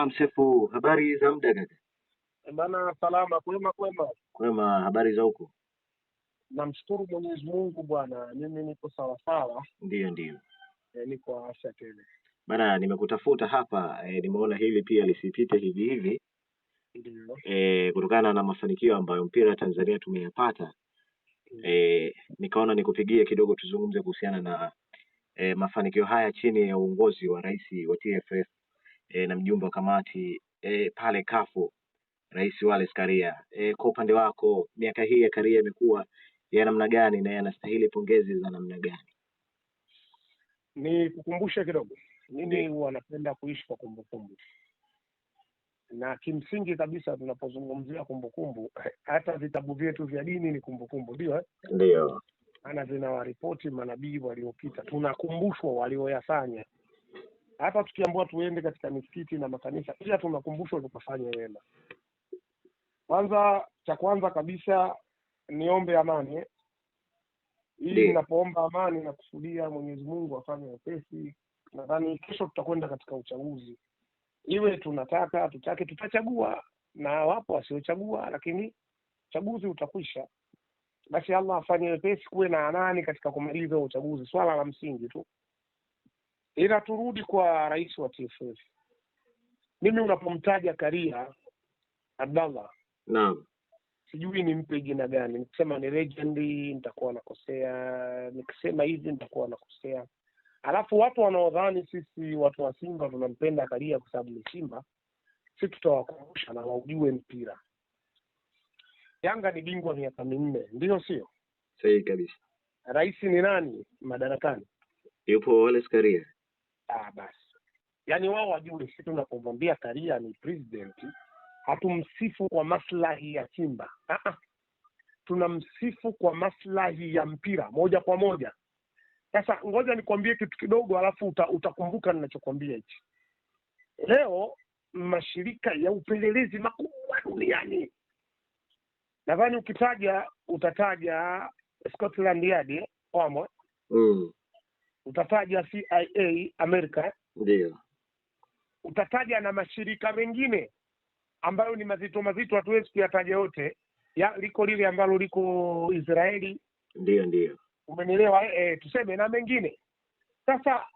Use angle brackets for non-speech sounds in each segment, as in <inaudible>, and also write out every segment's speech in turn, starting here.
Naam Sefu, habari za muda kaka? Bana, salama. Kwema kwema, Kwema, habari za huko? namshukuru Mwenyezi Mungu bwana, mimi niko sawa. Ndiyo, ndiyo. E, eh, niko afya tele. Bana, nimekutafuta hapa e, nimeona hili pia lisipite hivi hivi Ndio eh, kutokana na mafanikio ambayo mpira Tanzania tumeyapata e, nikaona nikupigie kidogo tuzungumze kuhusiana na e, mafanikio haya chini ya uongozi wa rais wa TFF e, na mjumbe wa kamati e, pale kafu Rais Wallace Karia. E, kwa upande wako miaka hii ya Karia imekuwa ya namna gani na yanastahili pongezi za namna gani? Ni kukumbusha kidogo, mimi huwa napenda kuishi kwa kumbukumbu na kimsingi kabisa tunapozungumzia kumbukumbu, <laughs> hata vitabu vyetu vya dini ni kumbukumbu, ndio eh? ndio, maana vinawaripoti manabii waliopita, tunakumbushwa walioyafanya hata tukiambua tuende katika misikiti na makanisa, pia tunakumbushwa tukafanye wema. Kwanza, cha kwanza kabisa niombe amani ili inapoomba amani na kusudia Mwenyezi Mungu afanye wepesi. Nadhani kesho tutakwenda katika uchaguzi, iwe tunataka tutake, tutachagua na wapo wasiochagua, lakini uchaguzi utakwisha. Basi Allah afanye wepesi, kuwe na amani katika kumaliza uchaguzi, swala la msingi tu inaturudi kwa rais wa TFF. Mimi unapomtaja Karia Abdallah, naam, sijui nimpe jina gani. Nikisema ni legend nitakuwa nakosea, nikisema hivi nitakuwa nakosea. Alafu watu wanaodhani sisi watu wa Simba tunampenda Karia kwa sababu ni Simba, si tutawakumbusha na waujue mpira. Yanga ni bingwa miaka minne, ndio sio? Sahihi kabisa. Rais ni nani madarakani? Yupo Wallace Karia ah, basi yaani wao wajue, sisi tunapomwambia Karia ni president hatumsifu kwa maslahi ya Simba ah, tunamsifu kwa maslahi ya mpira moja kwa moja. Sasa ngoja nikwambie kitu kidogo, alafu uta, utakumbuka ninachokwambia hichi. Leo mashirika ya upelelezi makubwa duniani, nadhani ukitaja utataja Scotland Yard, eh, Omwe mm utataja CIA Amerika, ndio utataja na mashirika mengine ambayo ni mazito mazito, hatuwezi kuyataja yote ya liko lile ambalo liko Israeli, ndio ndio, umenielewa e, tuseme na mengine. Sasa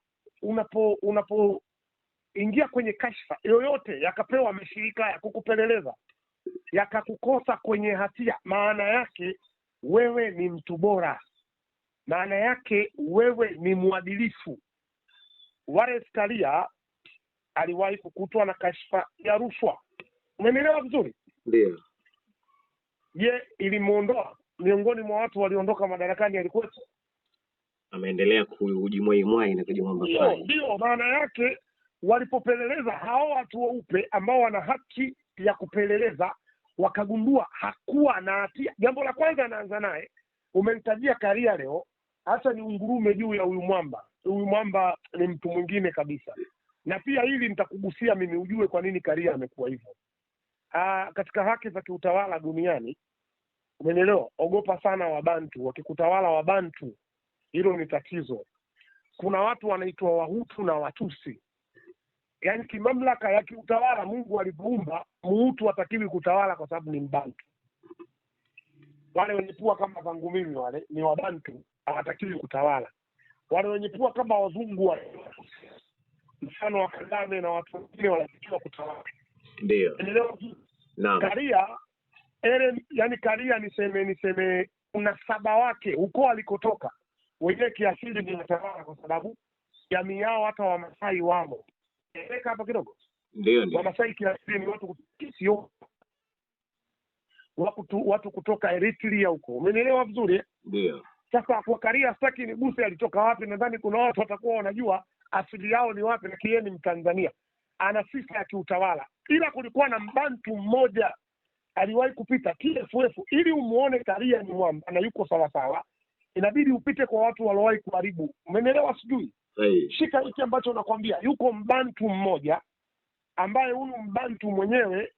unapo unapoingia kwenye kashfa yoyote yakapewa mashirika ya kukupeleleza yakakukosa kwenye hatia, maana yake wewe ni mtu bora maana yake wewe ni mwadilifu. Wallace Karia aliwahi kukutwa na kashfa ya rushwa. Umenielewa vizuri? Ndio. Je, ilimuondoa miongoni mwa watu walioondoka madarakani? Alikuwepo, ameendelea kujimwaimwai na kujimwamba. Ndio maana yake walipopeleleza hao watu weupe ambao wana haki ya kupeleleza wakagundua hakuwa na hatia. Jambo la kwanza anaanza naye, umemtajia Karia leo, hata ni ungurume juu ya huyu mwamba. Huyu mwamba ni mtu mwingine kabisa, na pia hili nitakugusia mimi ujue kwa nini Karia amekuwa hivyo. Ah, katika haki za kiutawala duniani, umenielewa? Ogopa sana Wabantu wakikutawala. Wabantu hilo ni tatizo. Kuna watu wanaitwa Wahutu na Watusi. Yaani kimamlaka ya kiutawala, Mungu alivyoumba Muhutu hatakiwi kutawala kwa sababu ni Mbantu. Wale wenye pua kama vangu mimi wale ni Wabantu hawatakiwi kutawala. Wale wenye pua kama wazungu wa mfano wa Kagame na watu wengine wanatakiwa kutawala, ndio naam. Karia Eren, yani Karia niseme niseme unasaba wake huko alikotoka, wenyewe kiasili ni watawala, kwa sababu jamii yao hata Wamasai wamo. Eleka hapa kidogo, ndio ndio. Wamasai kiasili ni watu sio watu kutoka Eritrea huko, umenielewa vizuri? Eh? Ndio sasa Wakaria staki guse alitoka wapi. Nadhani kuna watu watakuwa wanajua asili yao ni wapi, lakini yeye ni Mtanzania, ana sifa ya kiutawala. Ila kulikuwa na mbantu mmoja aliwahi kupita TFF, ili umuone Karia ni mwamba na yuko sawasawa, inabidi upite kwa watu waliowahi kuharibu. Umenielewa? Sijui hey. Shika hiki ambacho nakwambia, yuko mbantu mmoja ambaye huyu mbantu mwenyewe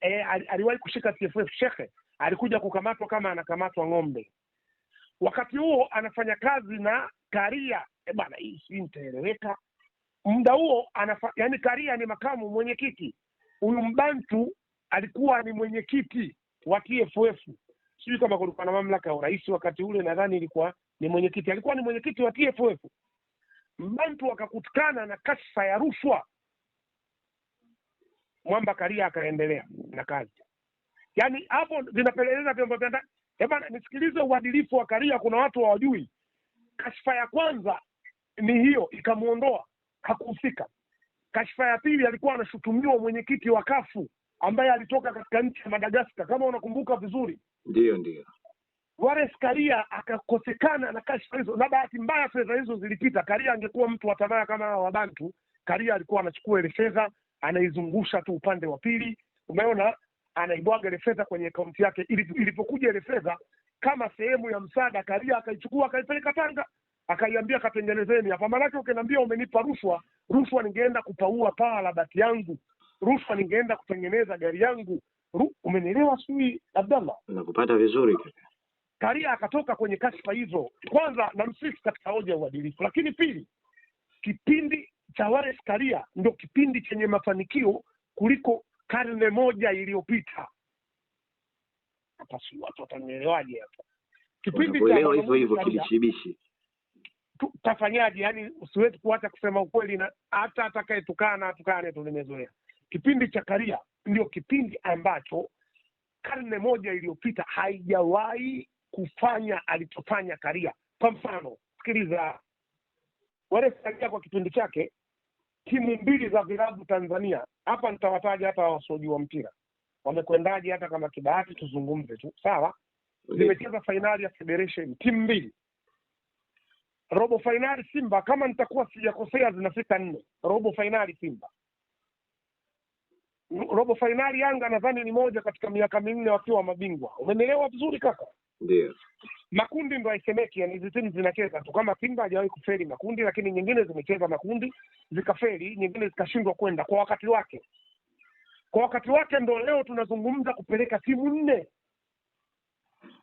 e, aliwahi kushika TFF. Shekhe alikuja kukamatwa kama anakamatwa ng'ombe Wakati huo anafanya kazi na Karia. E eh, bana, hii si nitaeleweka. Muda huo anafa, yani Karia ni makamu mwenyekiti, huyu Mbantu alikuwa ni mwenyekiti wa TFF. Sijui kama kulikuwa na mamlaka ya urais wakati ule, nadhani ilikuwa ni mwenyekiti, alikuwa ni mwenyekiti wa TFF. Mbantu akakutikana na kashfa ya rushwa, Mwamba Karia akaendelea na kazi. Yani hapo vinapeleleza vyombo vya ndani Hebana, eh, nisikilize uadilifu wa Karia, kuna watu hawajui. Kashfa ya kwanza ni hiyo, ikamwondoa hakuhusika. Kashfa ya pili alikuwa anashutumiwa mwenyekiti wa Kafu ambaye alitoka katika nchi ya Madagaskar, kama unakumbuka vizuri. Ndiyo, ndiyo. Wallace Karia akakosekana na kashfa hizo, na bahati mbaya fedha hizo zilipita. Karia angekuwa mtu wa tamaa kama hawa Wabantu, Karia alikuwa anachukua ile fedha anaizungusha tu upande wa pili. Umeona anaibwaga ile fedha kwenye akaunti yake. Ilipokuja ile fedha kama sehemu ya msaada, Karia akaichukua akaipeleka Tanga, akaiambia katengenezeni hapa. Maanake ukiniambia umenipa rushwa, rushwa ningeenda kupaua paa la bati yangu, rushwa ningeenda kutengeneza gari yangu. Umenielewa sijui, Abdallah? Nakupata vizuri. Karia akatoka kwenye kashfa hizo. Kwanza msisi katika hoja ya uadilifu, lakini pili, kipindi cha Wallace Karia ndo kipindi chenye mafanikio kuliko karne moja iliyopita. Hapa si watu watanielewaje? Hapa kipindi cha hivyo hivyo kilishibishi tafanyaje? Yani usiwezi kuacha kusema ukweli, na hata atakayetukana atukane tu, nimezoea. Kipindi cha Karia ndio kipindi ambacho karne moja iliyopita haijawahi kufanya alichofanya Karia. Kwa mfano, sikiliza wale Karia kwa kipindi chake timu mbili za vilabu Tanzania hapa nitawataja hata wasiojua mpira wamekwendaje, hata kama kibahati tuzungumze tu, sawa. Zimecheza fainali ya Federation timu mbili, robo fainali Simba kama nitakuwa sijakosea, zinafika nne. Robo fainali Simba, robo fainali Yanga nadhani ni moja katika miaka minne wakiwa mabingwa. Umenielewa vizuri kaka? Ndio makundi ndo haisemeki, yani hizi timu zinacheza tu. Kama Simba hajawahi kufeli makundi, lakini nyingine zimecheza makundi zikafeli, nyingine zikashindwa kwenda kwa wakati wake, kwa wakati wake. Ndo leo tunazungumza kupeleka timu nne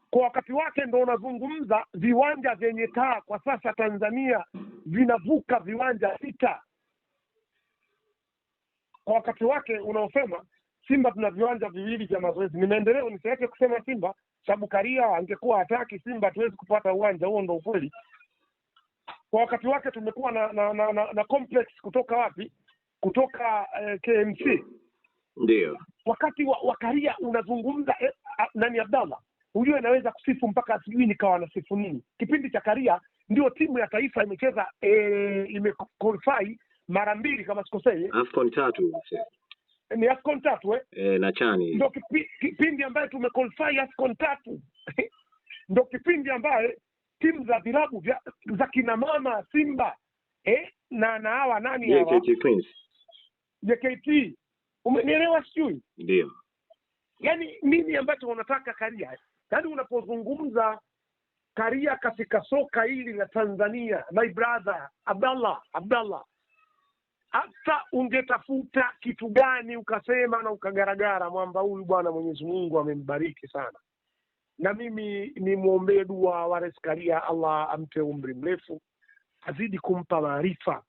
kwa wakati wake, ndo unazungumza viwanja vyenye taa kwa sasa Tanzania vinavuka viwanja sita kwa wakati wake unaosema Simba tuna viwanja viwili vya mazoezi. Ni maendeleo, nisiache kusema Simba sababu Karia angekuwa hataki Simba hatuwezi kupata uwanja huo, ndo ukweli. Kwa wakati wake tumekuwa na na, na, na na complex kutoka wapi? Kutoka eh, KMC ndio. Wakati wa, wa Karia unazungumza eh, nani Abdallah, hujue anaweza kusifu mpaka sijui nikawa nasifu nini. Kipindi cha Karia ndio timu ya taifa imecheza eh, imequalify mara mbili kama sikosei, AFCON tatu Eh, ni AFCON tatu eh? E, na chani ndo kipi, kipindi ambaye qualify AFCON tatu <laughs> ndo kipindi ambaye timu za vilabu za kina mama Simba eh? na na hawa nani hawa JKT, umenielewa? Sijui ndio yani nini ambacho unataka Karia, yani unapozungumza Karia katika soka hili la Tanzania, my brother Abdallah Abdallah hata ungetafuta kitu gani ukasema na ukagaragara mwamba huyu bwana Mwenyezi Mungu amembariki sana. Na mimi nimwombee dua Wallace Karia, Allah ampe umri mrefu, azidi kumpa maarifa,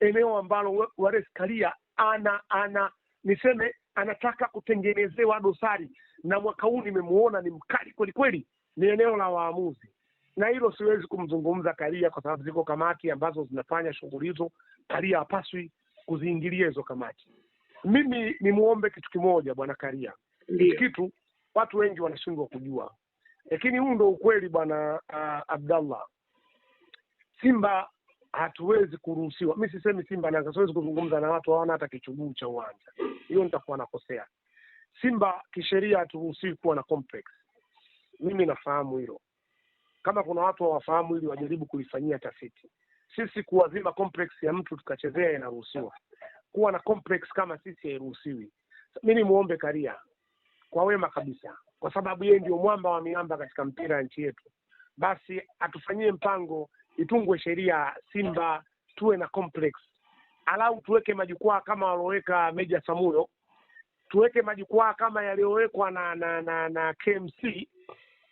eneo ambalo Wallace Karia ana ana niseme anataka kutengenezewa dosari, na mwaka huu nimemuona ni mkali kweli kweli, ni eneo la waamuzi na hilo siwezi kumzungumza Karia kwa sababu ziko kamati ambazo zinafanya shughuli hizo. Karia hapaswi kuziingilia hizo kamati. Mimi nimuombe kitu kimoja, bwana Karia, hiki kitu watu wengi wanashindwa kujua, lakini huu ndo ukweli bwana uh, Abdallah. Simba hatuwezi kuruhusiwa. Mi sisemi Simba na siwezi kuzungumza na watu hawana hata kichuguu cha uwanja, hiyo nitakuwa nakosea. Simba kisheria haturuhusiwi kuwa na complex. Mimi nafahamu hilo. Kama kuna watu hawafahamu, ili wajaribu kulifanyia tafiti. Sisi kuwazima complex ya mtu tukachezea inaruhusiwa, kuwa na complex kama sisi hairuhusiwi. Mi ni muombe Karia kwa wema kabisa, kwa sababu yeye ndio mwamba wa miamba katika mpira ya nchi yetu, basi atufanyie mpango, itungwe sheria Simba tuwe na complex, alau tuweke majukwaa kama walioweka Meja Samuyo, tuweke majukwaa kama yaliyowekwa na na, na na KMC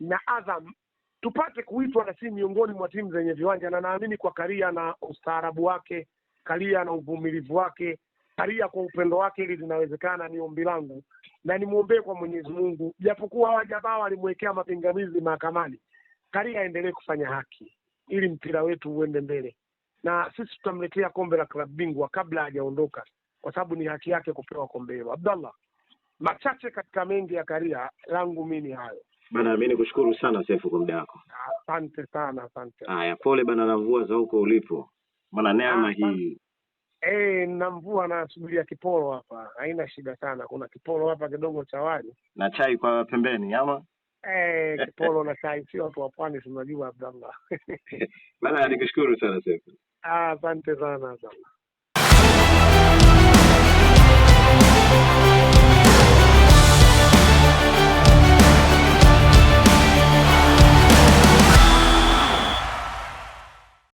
na Azam tupate kuitwa na si miongoni mwa timu zenye viwanja, na naamini kwa Karia na ustaarabu wake, Karia na uvumilivu wake, Karia kwa upendo wake, ili linawezekana. Ni ombi langu na nimwombee kwa Mwenyezi Mungu, japokuwa wajabaa walimwekea mapingamizi mahakamani, Karia aendelee kufanya haki ili mpira wetu uende mbele, na sisi tutamletea kombe la klabu bingwa kabla hajaondoka, kwa sababu ni haki yake kupewa kombe hilo. Abdallah, machache katika mengi ya Karia langu mimi ni hayo. Bana, mi nikushukuru sana Sefu kwa muda wako. Asante sana, asante. Haya, pole bana na mvua za huko ulipo, bana, neema hii eh, na mvua nasubiria kiporo hapa, haina shida sana. Kuna kiporo hapa kidogo cha wali na chai kwa pembeni, ama eh, <laughs> kiporo na chai, sio watu wa pwani tunajua, Abdallah. <laughs> Bana, nikushukuru sana Sefu. Ah, asante sana, Abdallah.